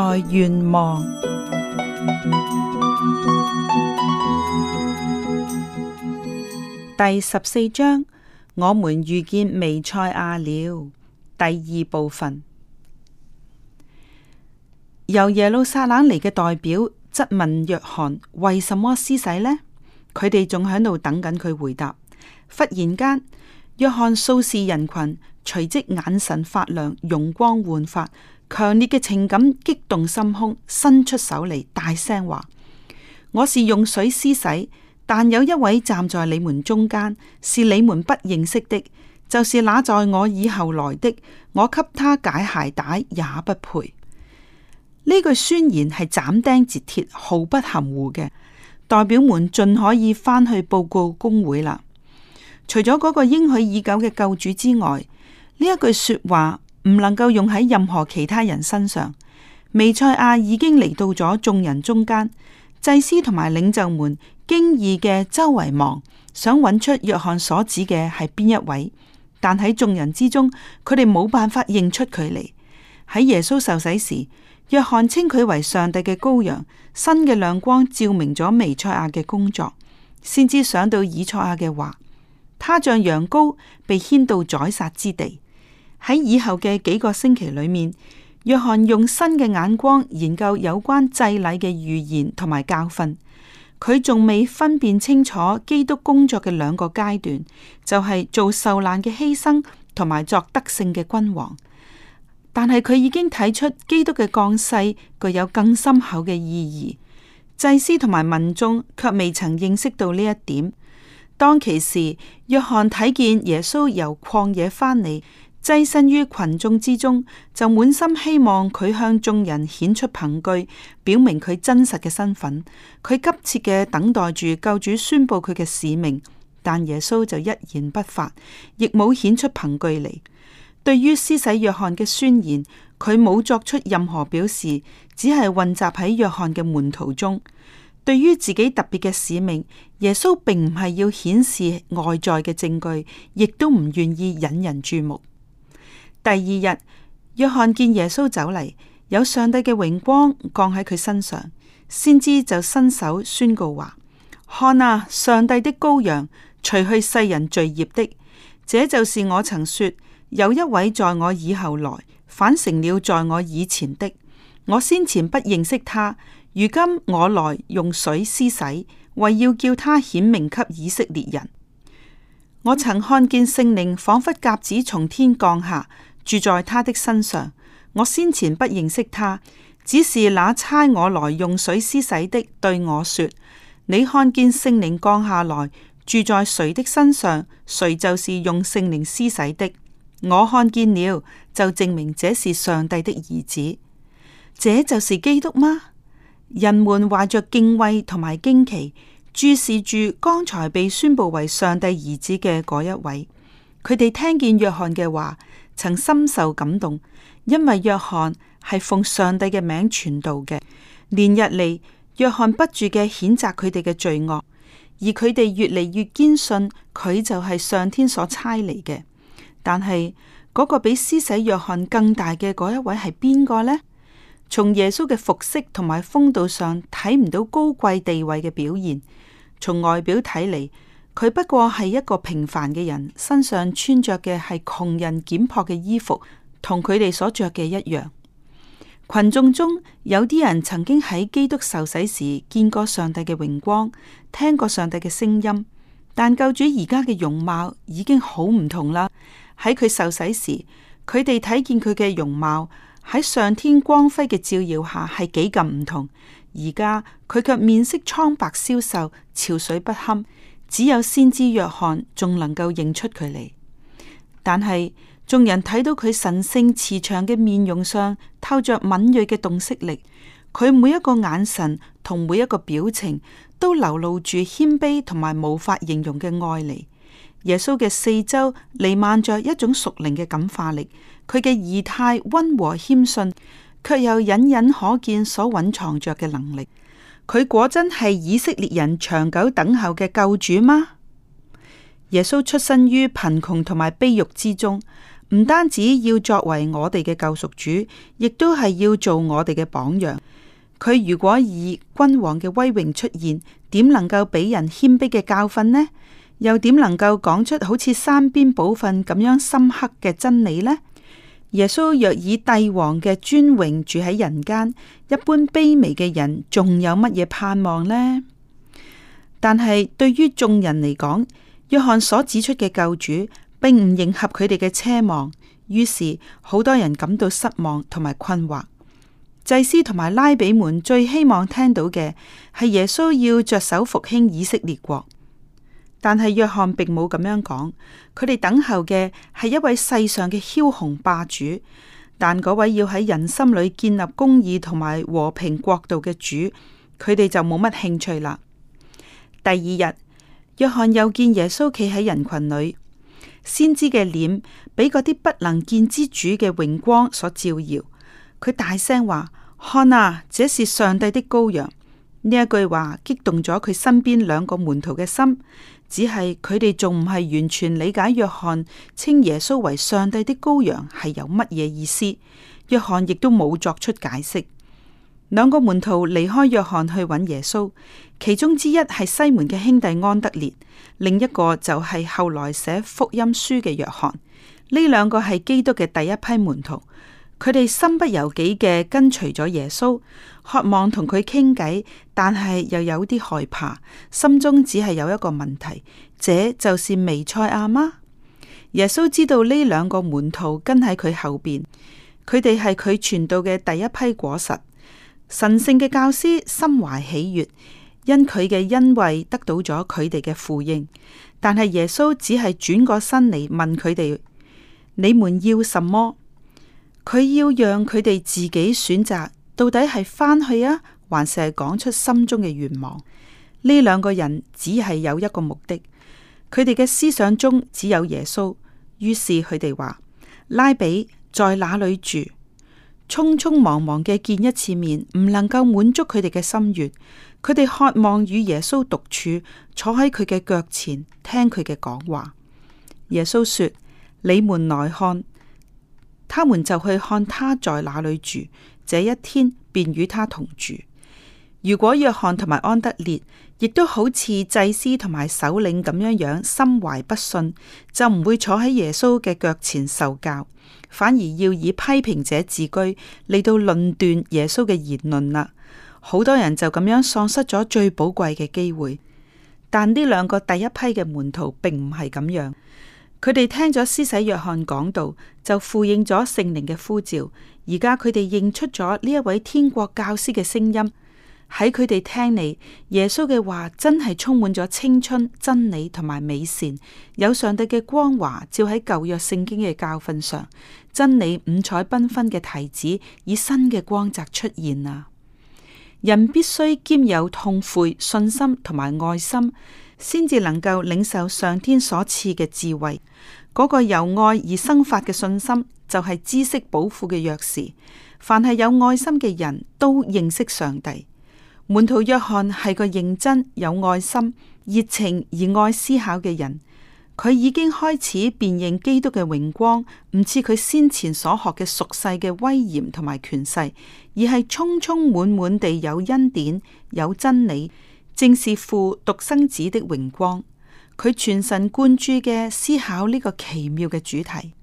在願望第十四章，我們遇見彌賽亞了。第二部分，由耶路撒冷嚟嘅代表質問約翰為什麼施洗呢？佢哋仲喺度等緊佢回答。忽然間，約翰掃視人群，隨即眼神發亮，容光煥發。強烈嘅情感激動心胸，伸出手嚟大聲話：我是用水施洗，但有一位站在你們中間，是你們不認識的，就是那在我以後來的。我給他解鞋帶也不配。呢句宣言係斬釘截鐵、毫不含糊嘅。代表們盡可以返去報告公會啦。除咗嗰個應許已久嘅救主之外，呢一句說話唔能夠用喺任何其他人身上。彌賽亞已經嚟到咗眾人中間，祭司同埋領袖們驚異嘅周圍望，想揾出約翰所指嘅係邊一位，但喺眾人之中，佢哋冇辦法認出佢嚟。喺耶穌受洗時，約翰稱佢為上帝嘅羔羊，新嘅亮光照明咗彌賽亞嘅工作，先至想到以賽亞嘅話：他像羊羔被牽到宰殺之地。喺以後嘅幾個星期裏面，約翰用新嘅眼光研究有關祭禮嘅預言同埋教訓。佢仲未分辨清楚基督工作嘅兩個階段，就係、是、做受難嘅犧牲，同埋作得勝嘅君王。但係佢已經睇出基督嘅降世具有更深厚嘅意義。祭司同埋民眾卻未曾認識到呢一點。當其時，約翰睇見耶穌由曠野翻嚟，躋身於群眾之中，就滿心希望佢向眾人顯出憑據，表明佢真實嘅身份。佢急切嘅等待住救主宣布佢嘅使命，但耶穌就一言不發，亦冇顯出憑據嚟。對於施洗約翰嘅宣言，佢冇作出任何表示，只係混雜喺約翰嘅門徒中。對於自己特別嘅使命，耶穌並唔係要顯示外在嘅證據，亦都唔願意引人注目。第二日，約翰見耶穌走嚟，有上帝嘅榮光降喺佢身上，先知就伸手宣告話：看啊，上帝的羔羊，除去世人罪孽的，這就是我曾說有一位在我以後來，反成了在我以前的。我先前不認識他，如今我來用水施洗，為要叫他顯明給以色列人。我曾看見聖靈仿佛鴿子從天降下。住在他的身上。我先前不認識他，只是那差我來用水施洗的對我說：你看見聖靈降下來，住在誰的身上，誰就是用聖靈施洗的。我看見了，就證明這是上帝的兒子。這就是基督嗎？人們懷着敬畏同埋驚奇注視住，住剛才被宣布為上帝兒子嘅嗰一位。佢哋聽見約翰嘅話。曾深受感動，因為約翰係奉上帝嘅名傳道嘅。連日嚟，約翰不住嘅譴責佢哋嘅罪惡，而佢哋越嚟越堅信佢就係上天所差嚟嘅。但係嗰、嗰個比施洗約翰更大嘅嗰一位係邊個呢？從耶穌嘅服飾同埋風度上睇唔到高貴地位嘅表現，從外表睇嚟。佢不過係一個平凡嘅人，身上穿着嘅係窮人儉樸嘅衣服，同佢哋所着嘅一樣。群眾中有啲人曾經喺基督受洗時見過上帝嘅榮光，聽過上帝嘅聲音，但救主而家嘅容貌已經好唔同啦。喺佢受洗時，佢哋睇見佢嘅容貌喺上天光輝嘅照耀下係幾咁唔同，而家佢卻面色蒼白、消瘦、憔悴不堪。只有先知約翰仲能夠認出佢嚟，但係眾人睇到佢神聖慈祥嘅面容上，透着敏銳嘅洞悉力。佢每一個眼神同每一個表情，都流露住謙卑同埋無法形容嘅愛嚟。耶穌嘅四周彌漫着一種屬靈嘅感化力，佢嘅儀態溫和謙遜，卻又隱隱可見所蘊藏着嘅能力。佢果真係以色列人長久等候嘅救主嗎？耶穌出身於貧窮同埋卑微之中，唔單止要作為我哋嘅救贖主，亦都係要做我哋嘅榜樣。佢如果以君王嘅威榮出現，點能夠俾人謙卑嘅教訓呢？又點能夠講出好似山邊寶訓咁樣深刻嘅真理呢？耶穌若以帝王嘅尊榮住喺人間，一般卑微嘅人仲有乜嘢盼望呢？但係對於眾人嚟講，約翰所指出嘅救主，並唔迎合佢哋嘅奢望，於是好多人感到失望同埋困惑。祭司同埋拉比們最希望聽到嘅係耶穌要着手復興以色列國。但係約翰並冇咁樣講，佢哋等候嘅係一位世上嘅梟雄霸主，但嗰位要喺人心裏建立公義同埋和平國度嘅主，佢哋就冇乜興趣啦。第二日，約翰又見耶穌企喺人群裏，先知嘅臉俾嗰啲不能見之主嘅榮光所照耀，佢大聲話：「看啊，這是上帝的羔羊！」呢一句話激動咗佢身邊兩個門徒嘅心。只係佢哋仲唔係完全理解約翰稱耶穌為上帝的羔羊係有乜嘢意思。約翰亦都冇作出解釋。兩個門徒離開約翰去揾耶穌，其中之一係西門嘅兄弟安德烈，另一個就係後來寫福音書嘅約翰。呢兩個係基督嘅第一批門徒。佢哋身不由己嘅跟隨咗耶穌，渴望同佢傾偈，但係又有啲害怕，心中只係有一個問題，這就是彌賽亞嗎？耶穌知道呢兩個門徒跟喺佢後邊，佢哋係佢傳道嘅第一批果實。神聖嘅教師心懷喜悅，因佢嘅恩惠得到咗佢哋嘅呼應。但係耶穌只係轉過身嚟問佢哋：你們要什麼？佢要讓佢哋自己選擇，到底係翻去啊，還是係講出心中嘅願望？呢兩個人只係有一個目的，佢哋嘅思想中只有耶穌。於是佢哋話：拉比在哪裏住？匆匆忙忙嘅見一次面，唔能夠滿足佢哋嘅心願。佢哋渴望與耶穌獨處，坐喺佢嘅腳前，聽佢嘅講話。耶穌說：你們來看。他們就去看他在哪裏住，這一天便與他同住。如果約翰同埋安德烈亦都好似祭司同埋首領咁樣樣，心懷不信，就唔會坐喺耶穌嘅腳前受教，反而要以批評者自居，嚟到論斷耶穌嘅言論啦。好多人就咁樣喪失咗最寶貴嘅機會。但呢兩個第一批嘅門徒並唔係咁樣。佢哋聽咗施洗約翰講道，就呼應咗聖靈嘅呼召。而家佢哋認出咗呢一位天國教師嘅聲音。喺佢哋聽嚟，耶穌嘅話真係充滿咗青春、真理同埋美善，有上帝嘅光華照喺舊約聖經嘅教訓上，真理五彩繽紛嘅提子以新嘅光澤出現啊！人必須兼有痛悔、信心同埋愛心。先至能夠領受上天所賜嘅智慧，嗰、那個由愛而生發嘅信心就係、是、知識寶庫嘅鑰匙。凡係有愛心嘅人都認識上帝。門徒約翰係個認真、有愛心、熱情而愛思考嘅人，佢已經開始辨認基督嘅榮光，唔似佢先前所學嘅俗世嘅威嚴同埋權勢，而係充充滿滿地有恩典、有真理。正是父獨生子的榮光，佢全神貫注嘅思考呢個奇妙嘅主題。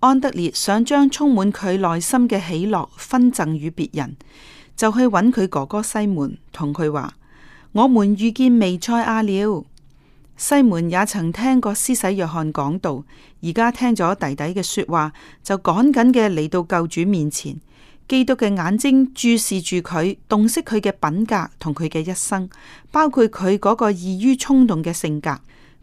安德烈想將充滿佢內心嘅喜樂分贈與別人，就去揾佢哥哥西門，同佢話：「我們遇見彌賽亞了。西門也曾聽過施洗約翰講道，而家聽咗弟弟嘅說話，就趕緊嘅嚟到救主面前。基督嘅眼睛注視住佢，洞悉佢嘅品格同佢嘅一生，包括佢嗰個易於衝動嘅性格，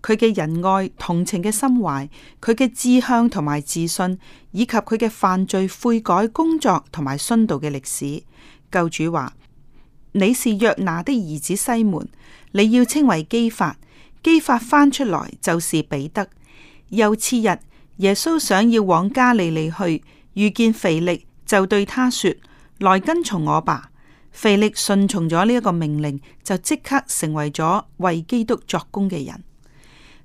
佢嘅仁愛、同情嘅心懷，佢嘅志向同埋自信，以及佢嘅犯罪、悔改、工作同埋殉道嘅歷史。救主話：你是約拿的兒子西門，你要稱為基法。基法翻出來就是彼得。又次日，耶穌想要往加利利去，遇見腓力。就對他說：「來跟從我吧。」腓力順從咗呢一個命令，就即刻成為咗為基督作工嘅人。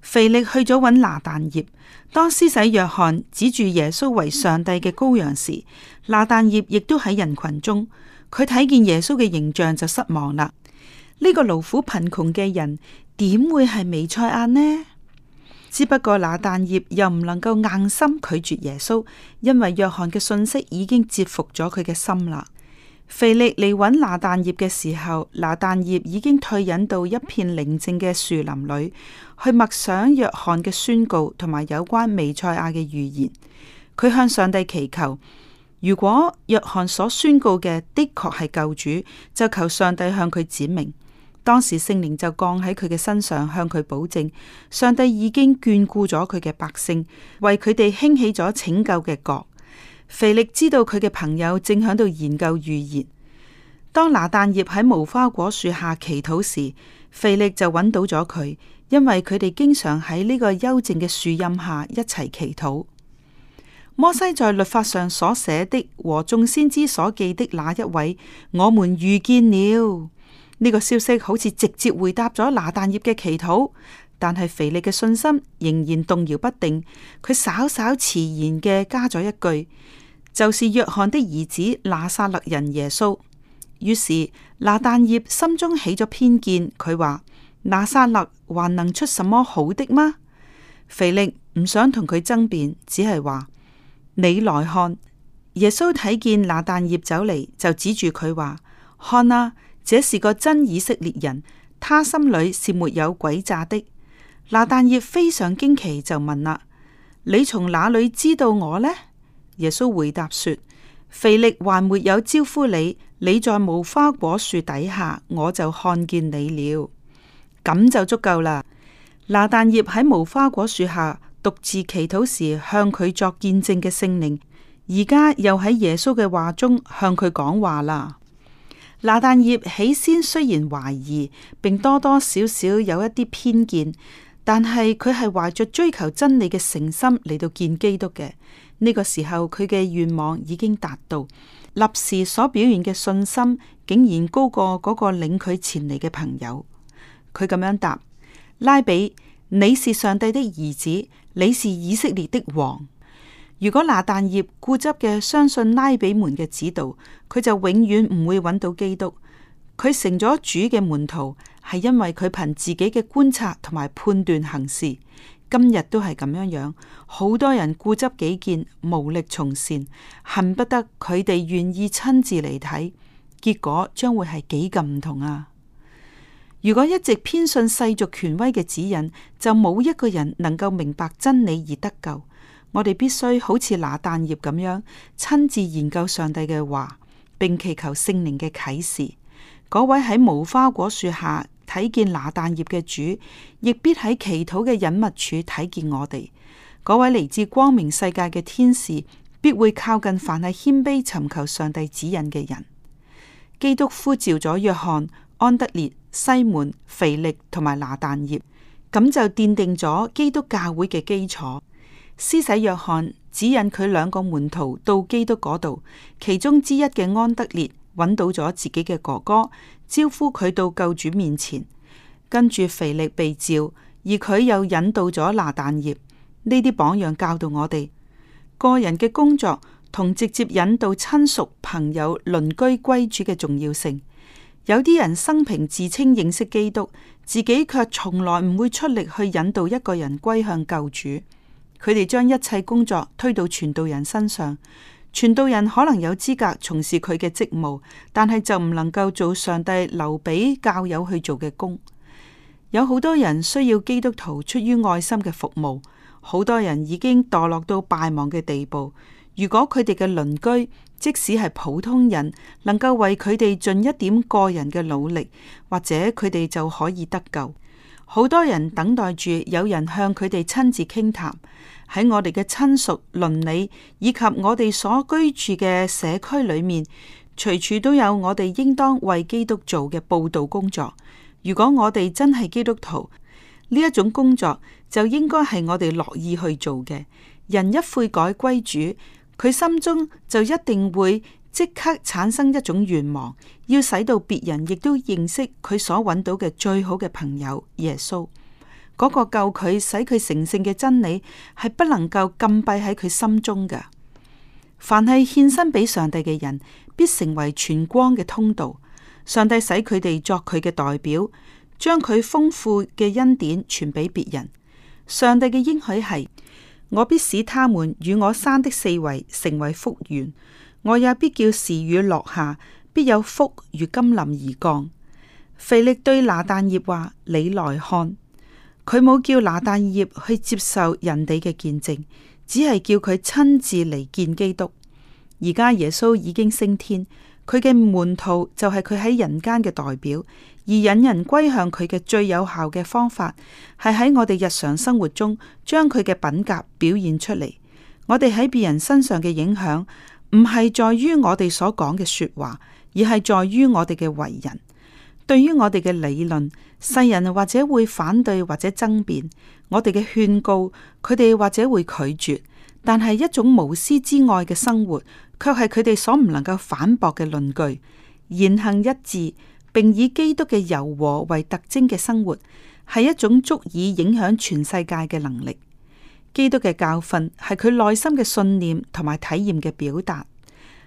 腓力去咗搵拿但葉，當施洗約翰指住耶穌為上帝嘅羔羊時，拿但葉亦都喺人群中，佢睇見耶穌嘅形象就失望啦。呢、這個勞苦貧窮嘅人點會係彌賽亞呢？只不過拿但業又唔能夠硬心拒絕耶穌，因為約翰嘅訊息已經折服咗佢嘅心啦。腓力嚟搵拿但業嘅時候，拿但業已經退隱到一片寧靜嘅樹林裏，去默想約翰嘅宣告同埋有關彌賽亞嘅預言。佢向上帝祈求，如果約翰所宣告嘅的確係救主，就求上帝向佢指明。當時聖靈就降喺佢嘅身上，向佢保證，上帝已經眷顧咗佢嘅百姓，為佢哋興起咗拯救嘅角。腓力知道佢嘅朋友正響度研究預言。當拿但業喺無花果樹下祈禱時，腓力就揾到咗佢，因為佢哋經常喺呢個幽靜嘅樹蔭下一齊祈禱。摩西在律法上所寫的和眾先知所記的那一位，我們遇見了。呢個消息好似直接回答咗拿但葉嘅祈禱，但係肥力嘅信心仍然動搖不定。佢稍稍遲疑嘅加咗一句，就是約翰的兒子拿撒勒人耶穌。於是拿但葉心中起咗偏見，佢話，拿撒勒還能出什麼好的嗎？肥力唔想同佢爭辯，只係話，你來看。耶穌睇見拿但葉走嚟，就指住佢話，看啊。」這是個真以色列人，他心裏是沒有詭詐的。拿但業非常驚奇，就問啦：你從哪裏知道我呢？耶穌回答說：腓力還沒有招呼你，你在無花果樹底下，我就看見你了，咁就足夠啦。拿但業喺無花果樹下獨自祈禱時向佢作見證嘅聖靈，而家又喺耶穌嘅話中向佢講話啦。那旦葉起先雖然懷疑，並多多少少有一啲偏見，但係佢係懷着追求真理嘅誠心嚟到見基督嘅。呢個時候佢嘅願望已經達到，立時所表現嘅信心竟然高過嗰個領佢前嚟嘅朋友。佢咁樣答：拉比，你是上帝的兒子，你是以色列的王。如果拿但業固執嘅相信拉比門嘅指導，佢就永遠唔會揾到基督。佢成咗主嘅門徒，係因為佢憑自己嘅觀察同埋判斷行事。今日都係咁樣樣，好多人固執己見，無力從善，恨不得佢哋願意親自嚟睇，結果將會係幾咁唔同啊！如果一直偏信世俗權威嘅指引，就冇一個人能夠明白真理而得救。我哋必須好似拿但業咁樣，親自研究上帝嘅話，並祈求聖靈嘅啟示。嗰位喺無花果樹下睇見拿但業嘅主，亦必喺祈禱嘅隱密處睇見我哋。嗰位嚟自光明世界嘅天使，必會靠近凡係謙卑尋求上帝指引嘅人。基督呼召咗約翰、安德烈、西門、腓力同埋拿但業，咁就奠定咗基督教會嘅基礎。施洗約翰指引佢兩個門徒到基督嗰度，其中之一嘅安德烈揾到咗自己嘅哥哥，招呼佢到救主面前。跟住腓力被召，而佢又引導咗拿但業。呢啲榜樣，教導我哋個人嘅工作同直接引導親屬、朋友、鄰居歸主嘅重要性。有啲人生平自稱認識基督，自己卻從來唔會出力去引導一個人歸向救主。佢哋將一切工作推到傳道人身上，傳道人可能有資格從事佢嘅職務，但係就唔能夠做上帝留俾教友去做嘅工。有好多人需要基督徒出於愛心嘅服務，好多人已經墮落到敗亡嘅地步。如果佢哋嘅鄰居，即使係普通人，能夠為佢哋盡一點個人嘅努力，或者佢哋就可以得救。好多人等待住有人向佢哋親自傾談。喺我哋嘅親屬、鄰里以及我哋所居住嘅社區裏面，隨處都有我哋應當為基督做嘅報道工作。如果我哋真係基督徒，呢一種工作就應該係我哋樂意去做嘅。人一悔改歸主，佢心中就一定會即刻產生一種願望，要使到別人亦都認識佢所揾到嘅最好嘅朋友耶穌。嗰個救佢、使佢成聖嘅真理，係不能夠禁閉喺佢心中嘅。凡係獻身俾上帝嘅人，必成為傳光嘅通道。上帝使佢哋作佢嘅代表，將佢豐富嘅恩典傳俾別人。上帝嘅應許係：我必使他們與我山的四圍成為福源，我也必叫時雨落下，必有福如甘霖而降。腓力對拿但業話：你來看。佢冇叫拿但業去接受人哋嘅見證，只係叫佢親自嚟見基督。而家耶穌已經升天，佢嘅門徒就係佢喺人間嘅代表，而引人歸向佢嘅最有效嘅方法，係喺我哋日常生活中將佢嘅品格表現出嚟。我哋喺別人身上嘅影響，唔係在於我哋所講嘅說話，而係在於我哋嘅為人。對於我哋嘅理論。世人或者會反對或者爭辯我哋嘅勸告，佢哋或者會拒絕，但係一種無私之愛嘅生活，卻係佢哋所唔能夠反駁嘅論據。言行一致，並以基督嘅柔和為特徵嘅生活，係一種足以影響全世界嘅能力。基督嘅教訓係佢內心嘅信念同埋體驗嘅表達。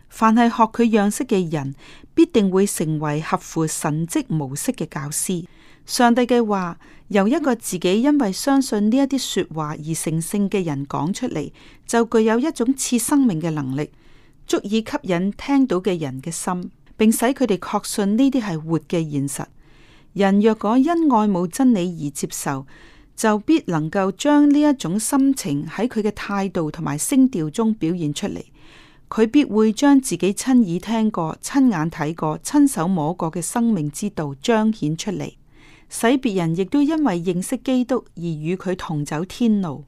凡係學佢樣式嘅人，必定會成為合乎神跡模式嘅教師。上帝嘅話由一個自己因為相信呢一啲說話而成聖嘅人講出嚟，就具有一種賜生命嘅能力，足以吸引聽到嘅人嘅心，並使佢哋確信呢啲係活嘅現實。人若果因愛慕真理而接受，就必能夠將呢一種心情喺佢嘅態度同埋聲調中表現出嚟。佢必會將自己親耳聽過、親眼睇過、親手摸過嘅生命之道彰顯出嚟。使別人亦都因為認識基督而與佢同走天路。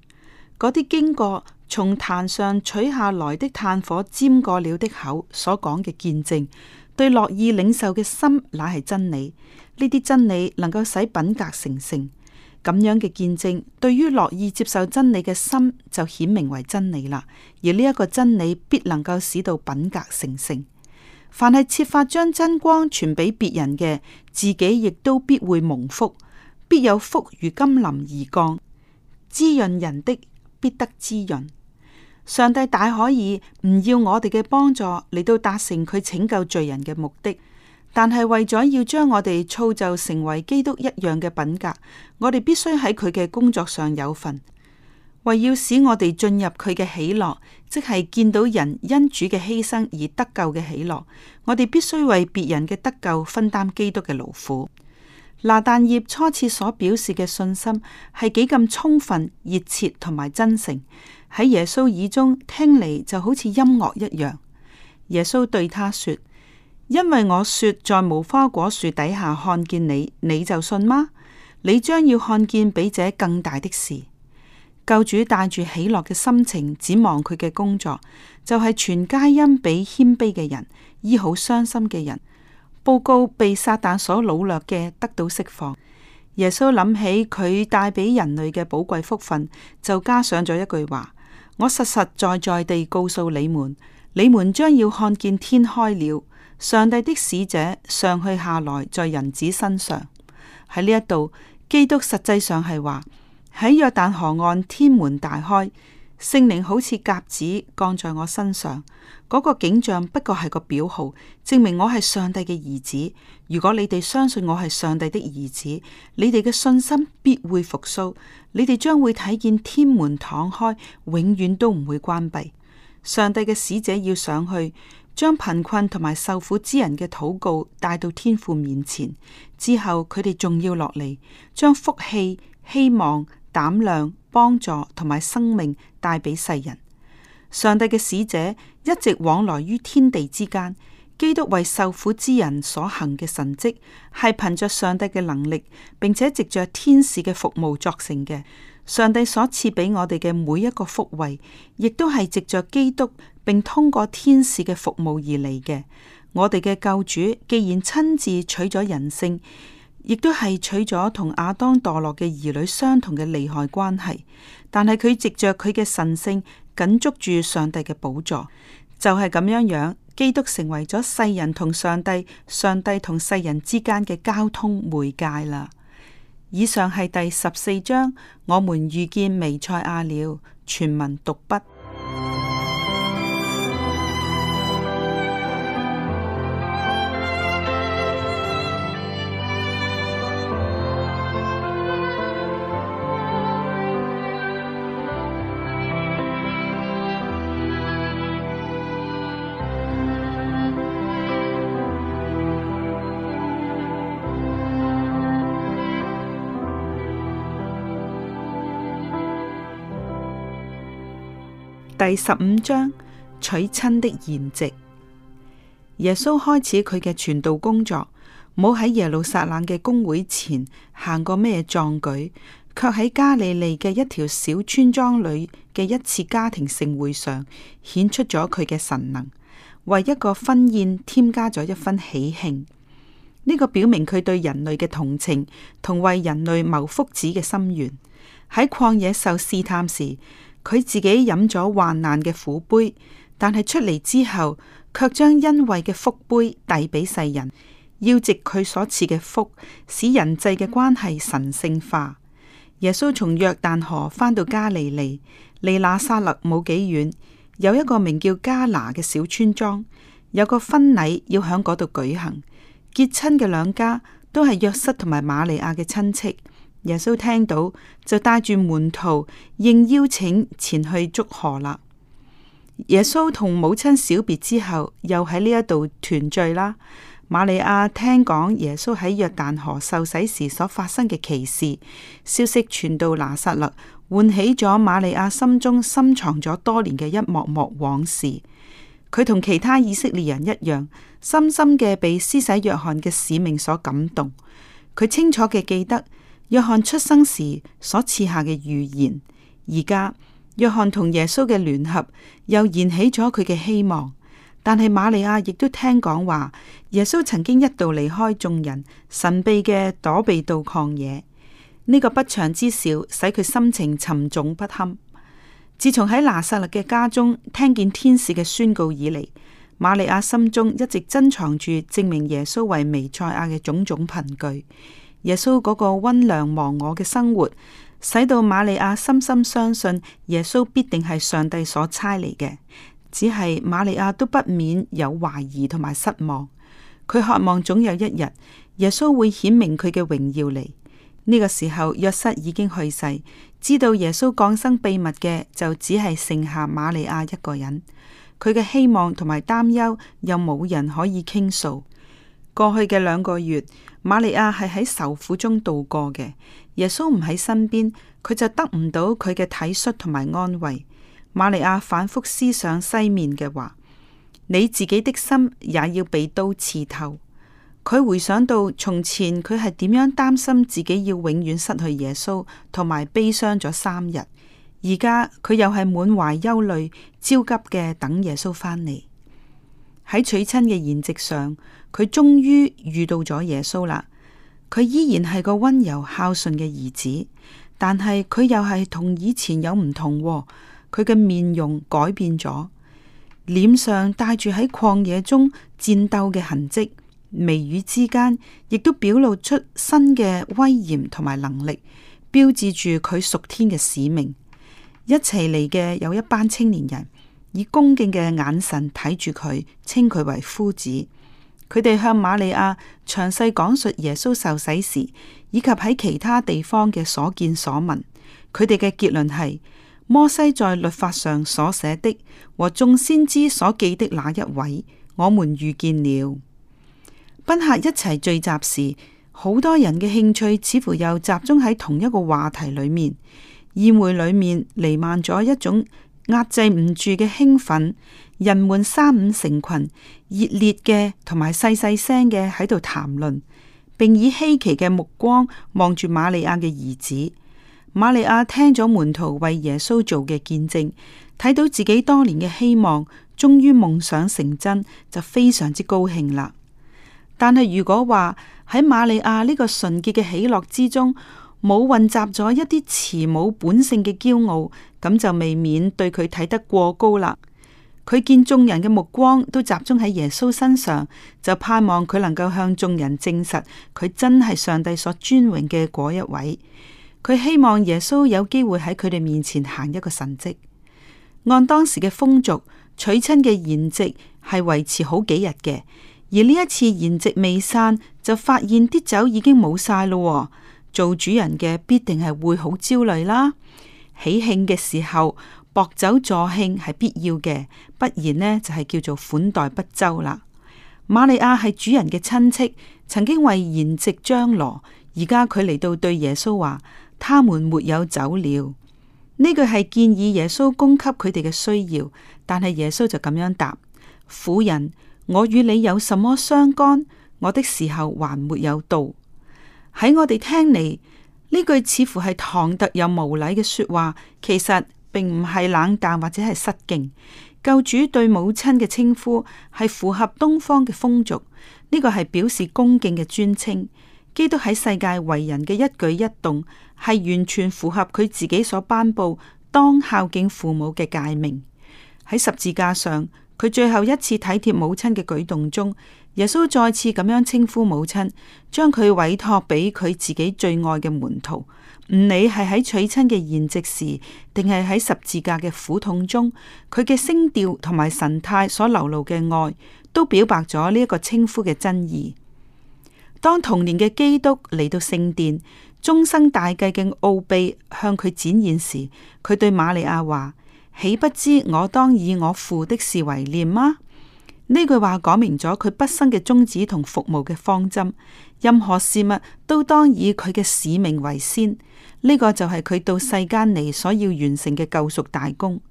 嗰啲經過從壇上取下來的炭火沾過了的口所講嘅見證，對樂意領受嘅心乃係真理。呢啲真理能夠使品格成聖。咁樣嘅見證，對於樂意接受真理嘅心就顯明為真理啦。而呢一個真理必能夠使到品格成聖。凡係設法將真光傳俾別人嘅，自己亦都必會蒙福，必有福如甘霖而降，滋潤人的，必得滋潤。上帝大可以唔要我哋嘅幫助嚟到達成佢拯救罪人嘅目的，但係為咗要將我哋造就成為基督一樣嘅品格，我哋必須喺佢嘅工作上有份。為要使我哋進入佢嘅喜樂，即係見到人因主嘅犧牲而得救嘅喜樂，我哋必須為別人嘅得救分擔基督嘅勞苦。拿但業初次所表示嘅信心係幾咁充分、熱切同埋真誠，喺耶穌耳中聽嚟就好似音樂一樣。耶穌對他說：因為我說在無花果樹底下看見你，你就信嗎？你將要看見比這更大的事。救主帶住喜樂嘅心情，展望佢嘅工作，就係、是、全皆恩俾謙卑嘅人，醫好傷心嘅人，報告被撒旦所擄掠嘅得到釋放。耶穌諗起佢帶俾人類嘅寶貴福分，就加上咗一句話：我實實在在地告訴你們，你們將要看見天開了，上帝的使者上去下來在人子身上。喺呢一度，基督實際上係話：喺約旦河岸，天門大開，聖靈好似鴿子降在我身上。嗰、那個景象不過係個表號，證明我係上帝嘅兒子。如果你哋相信我係上帝的兒子，你哋嘅信心必會復甦。你哋將會睇見天門敞開，永遠都唔會關閉。上帝嘅使者要上去，將貧困同埋受苦之人嘅禱告帶到天父面前。之後佢哋仲要落嚟，將福氣、希望。膽量、幫助同埋生命帶俾世人。上帝嘅使者一直往來於天地之間。基督為受苦之人所行嘅神跡，係憑着上帝嘅能力，並且藉着天使嘅服務作成嘅。上帝所賜俾我哋嘅每一個福惠，亦都係藉着基督，並通過天使嘅服務而嚟嘅。我哋嘅救主既然親自取咗人性。亦都係取咗同亞當墮落嘅兒女相同嘅利害關係，但係佢藉着佢嘅神聖緊捉住上帝嘅寶座，就係咁樣樣，基督成為咗世人同上帝、上帝同世人之間嘅交通媒介啦。以上係第十四章，我們遇見彌賽亞了，全文讀畢。第十五章娶親的筵席。耶穌開始佢嘅傳道工作，冇喺耶路撒冷嘅公會前行過咩壯舉，卻喺加利利嘅一條小村莊裏嘅一次家庭盛會上，顯出咗佢嘅神能，為一個婚宴添加咗一分喜慶。呢、這個表明佢對人類嘅同情同為人類謀福祉嘅心願。喺曠野受試探時。佢自己飲咗患難嘅苦杯，但係出嚟之後，卻將恩惠嘅福杯遞俾世人，要藉佢所賜嘅福，使人際嘅關係神聖化。耶穌從約旦河返到加利利，離那撒勒冇幾遠，有一個名叫加拿嘅小村莊，有個婚禮要響嗰度舉行，結親嘅兩家都係約瑟同埋瑪利亞嘅親戚。耶穌聽到就帶住門徒應邀請前去祝賀啦。耶穌同母親小別之後，又喺呢一度團聚啦。瑪利亞聽講耶穌喺約旦河受洗時所發生嘅奇事，消息傳到拿撒勒，喚起咗瑪利亞心中深藏咗多年嘅一幕幕往事。佢同其他以色列人一樣，深深嘅被施洗約翰嘅使命所感動。佢清楚嘅記得。約翰出生時所賜下嘅預言，而家約翰同耶穌嘅聯合又燃起咗佢嘅希望。但係瑪利亞亦都聽講話，耶穌曾經一度離開眾人，神秘嘅躲避到曠野。呢個不祥之兆使佢心情沉重不堪。自從喺拿撒勒嘅家中聽見天使嘅宣告以嚟，瑪利亞心中一直珍藏住證明耶穌為彌賽亞嘅種種憑據。耶穌嗰個溫良忘我嘅生活，使到瑪利亞深深相信耶穌必定係上帝所差嚟嘅。只係瑪利亞都不免有懷疑同埋失望。佢渴望總有一日耶穌會顯明佢嘅榮耀嚟。呢個時候，約瑟已經去世，知道耶穌降生秘密嘅就只係剩下瑪利亞一個人。佢嘅希望同埋擔憂又冇人可以傾訴。過去嘅兩個月，瑪利亞係喺受苦中度過嘅。耶穌唔喺身邊，佢就得唔到佢嘅體恤同埋安慰。瑪利亞反復思想西面嘅話，你自己的心也要被刀刺透。佢回想到從前，佢係點樣擔心自己要永遠失去耶穌，同埋悲傷咗三日。而家佢又係滿懷憂慮、焦急嘅等耶穌翻嚟。喺娶親嘅筵席上，佢終於遇到咗耶穌啦。佢依然係個溫柔孝順嘅兒子，但係佢又係同以前有唔同，哦。佢嘅面容改變咗，臉上帶住喺曠野中戰鬥嘅痕跡，眉宇之間亦都表露出新嘅威嚴同埋能力，標誌住佢屬天嘅使命。一齊嚟嘅有一班青年人。以恭敬嘅眼神睇住佢，稱佢為夫子。佢哋向瑪利亞詳細講述耶穌受洗時，以及喺其他地方嘅所見所聞。佢哋嘅結論係：摩西在律法上所寫的，和眾先知所記的那一位，我們遇見了。賓客一齊聚集時，好多人嘅興趣似乎又集中喺同一個話題裏面。宴會裏面瀰漫咗一種壓制唔住嘅興奮，人們三五成群，熱烈嘅同埋細細聲嘅喺度談論，並以稀奇嘅目光望住瑪利亞嘅兒子。瑪利亞聽咗門徒為耶穌做嘅見證，睇到自己多年嘅希望終於夢想成真，就非常之高興啦。但係如果話喺瑪利亞呢個純潔嘅喜樂之中，冇混雜咗一啲慈母本性嘅驕傲，咁就未免對佢睇得過高啦。佢見眾人嘅目光都集中喺耶穌身上，就盼望佢能夠向眾人證實佢真係上帝所尊榮嘅嗰一位。佢希望耶穌有機會喺佢哋面前行一個神跡。按當時嘅風俗，娶親嘅筵席係維持好幾日嘅，而呢一次筵席未散，就發現啲酒已經冇晒咯。做主人嘅必定係會好焦慮啦。喜慶嘅時候，薄酒助興係必要嘅，不然呢就係、是、叫做款待不周啦。瑪利亞係主人嘅親戚，曾經為筵席張羅，而家佢嚟到對耶穌話：，他們沒有酒了。呢句係建議耶穌供給佢哋嘅需要，但係耶穌就咁樣答：，婦人，我與你有什麼相干？我的時候還沒有到。喺我哋聽嚟，呢句似乎係唐突又無禮嘅說話，其實並唔係冷淡或者係失敬。救主對母親嘅稱呼係符合東方嘅風俗，呢、這個係表示恭敬嘅尊稱。基督喺世界為人嘅一舉一動，係完全符合佢自己所頒布當孝敬父母嘅誡命。喺十字架上，佢最後一次體貼母親嘅舉動中。耶穌再次咁樣稱呼母親，將佢委託俾佢自己最愛嘅門徒。唔理係喺娶親嘅筵席時，定係喺十字架嘅苦痛中，佢嘅聲調同埋神態所流露嘅愛，都表白咗呢一個稱呼嘅真義。當童年嘅基督嚟到聖殿，終生大計嘅奧秘向佢展現時，佢對瑪利亞話：豈不知我當以我父的事為念嗎？呢句話講明咗佢畢生嘅宗旨同服務嘅方針，任何事物都當以佢嘅使命為先。呢個就係佢到世間嚟所要完成嘅救贖大功。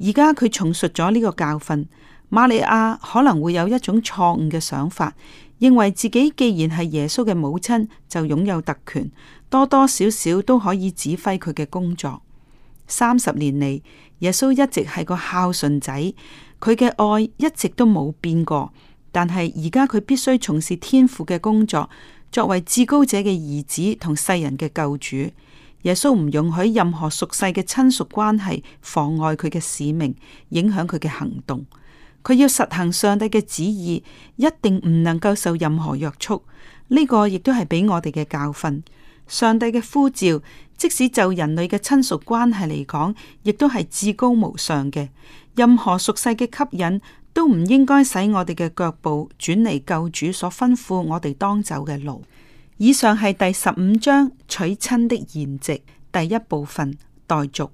而家佢重述咗呢個教訓，瑪利亞可能會有一種錯誤嘅想法，認為自己既然係耶穌嘅母親，就擁有特權，多多少少都可以指揮佢嘅工作。三十年嚟，耶穌一直係個孝順仔。佢嘅愛一直都冇變過，但係而家佢必須從事天父嘅工作，作為至高者嘅兒子同世人嘅救主，耶穌唔容許任何屬世嘅親屬關係妨礙佢嘅使命，影響佢嘅行動。佢要實行上帝嘅旨意，一定唔能夠受任何約束。呢、這個亦都係俾我哋嘅教訓。上帝嘅呼召。即使就人類嘅親屬關係嚟講，亦都係至高無上嘅。任何屬世嘅吸引，都唔應該使我哋嘅腳步轉離救主所吩咐我哋當走嘅路。以上係第十五章娶親的筵席第一部分待續。